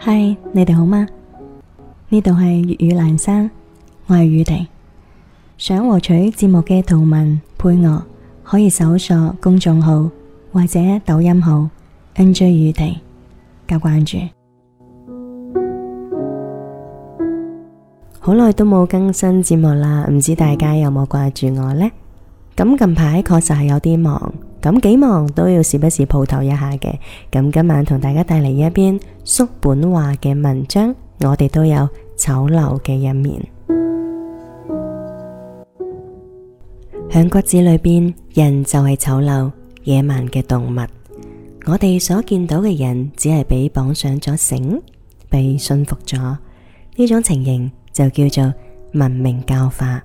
嗨，Hi, 你哋好嗎？呢度係粵語闌山，我係宇婷。想獲取節目嘅圖文配樂，可以搜索公眾號或者抖音號 NJ 宇婷。加關注。好耐都冇更新節目啦，唔知大家有冇掛住我呢？咁近排確實係有啲忙。咁幾忙都要時不時鋪頭一下嘅。咁今晚同大家帶嚟一篇叔本華嘅文章，我哋都有醜陋嘅一面。響 骨子裏邊，人就係醜陋野蠻嘅動物。我哋所見到嘅人，只係被綁上咗繩，被馴服咗呢種情形，就叫做文明教化。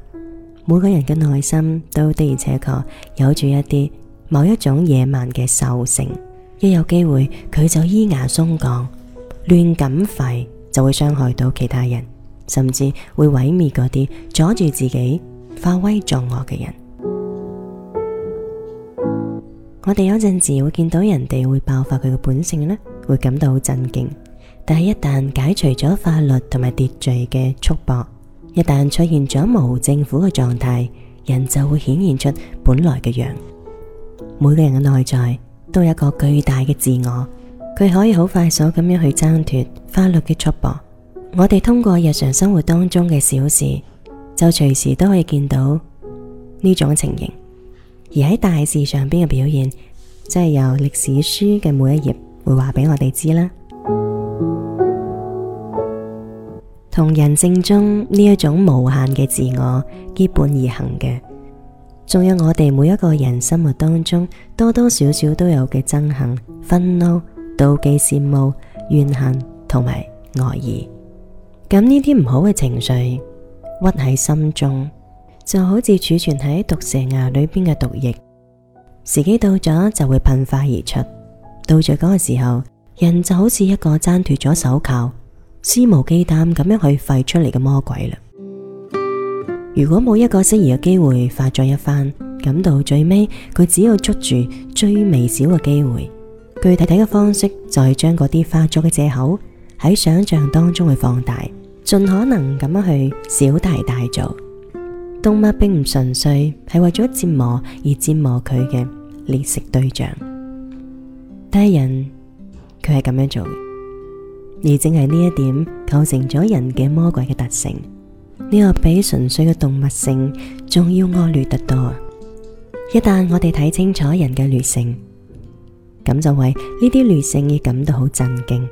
每個人嘅內心都的而且確有住一啲。某一種野蠻嘅獸性，一有機會佢就依牙鬆槓，亂咁吠，就會傷害到其他人，甚至會毀滅嗰啲阻住自己發威作惡嘅人。 我哋有陣時會見到人哋會爆發佢嘅本性呢，會感到好震驚。但係一旦解除咗法律同埋秩序嘅束縛，一旦出現咗無政府嘅狀態，人就會顯現出本來嘅樣。每個人嘅內在都有一個巨大嘅自我，佢可以好快手咁樣去掙脫法律嘅束縛。我哋通過日常生活當中嘅小事，就隨時都可以見到呢種情形。而喺大事上邊嘅表現，就係由歷史書嘅每一頁會話俾我哋知啦。同人性中呢一種無限嘅自我，結伴而行嘅。仲有我哋每一個人心目當中多多少少都有嘅憎恨、憤怒、妒忌、羨慕、怨恨同埋惡意。咁呢啲唔好嘅情緒屈喺心中，就好似儲存喺毒蛇牙裏邊嘅毒液，時機到咗就會噴發而出。到咗嗰個時候，人就好似一個掙脫咗手銬、肆無忌憚咁樣去吠出嚟嘅魔鬼啦。如果冇一個適宜嘅機會發作一番，咁到最尾佢只要捉住最微小嘅機會，具體睇嘅方式，就再將嗰啲發作嘅借口喺想象當中去放大，儘可能咁樣去小題大，大做。動物並唔純粹係為咗折磨而折磨佢嘅獵食對象，但係人佢係咁樣做嘅，而正係呢一點構成咗人嘅魔鬼嘅特性。呢個比純粹嘅動物性仲要惡劣得多。一旦我哋睇清楚人嘅劣性，咁就為呢啲劣性而感到好震驚。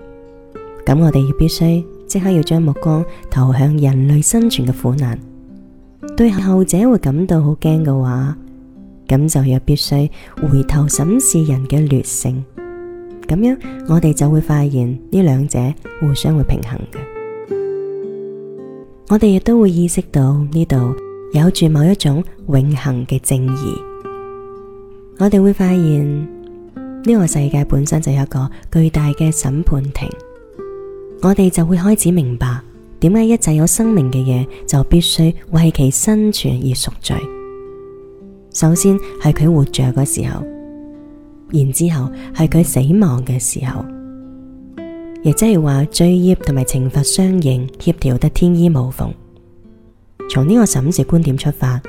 咁我哋要必須即刻要將目光投向人類生存嘅苦難。對後者會感到好驚嘅話，咁就要必須回頭審視人嘅劣性。咁樣我哋就會發現呢兩者互相會平衡嘅。我哋亦都會意識到呢度有住某一種永恆嘅正義，我哋會發現呢個世界本身就有一個巨大嘅審判庭，我哋就會開始明白點解一切有生命嘅嘢就必須為其生存而贖罪，首先係佢活着嘅時候，然之後係佢死亡嘅時候。亦即係話，罪孽同埋懲罰相應，協調得天衣無縫。從呢個審視觀點出發，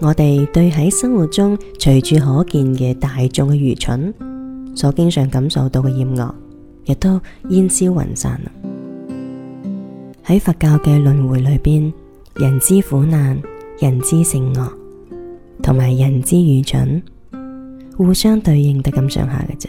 我哋對喺生活中隨處可見嘅大眾嘅愚蠢，所經常感受到嘅厭惡，亦都煙消雲散。喺佛教嘅輪回裏邊，人之苦難、人之性惡同埋人之愚蠢，互相對應得咁上下嘅啫。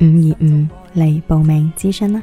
五二五嚟報名諮詢啦！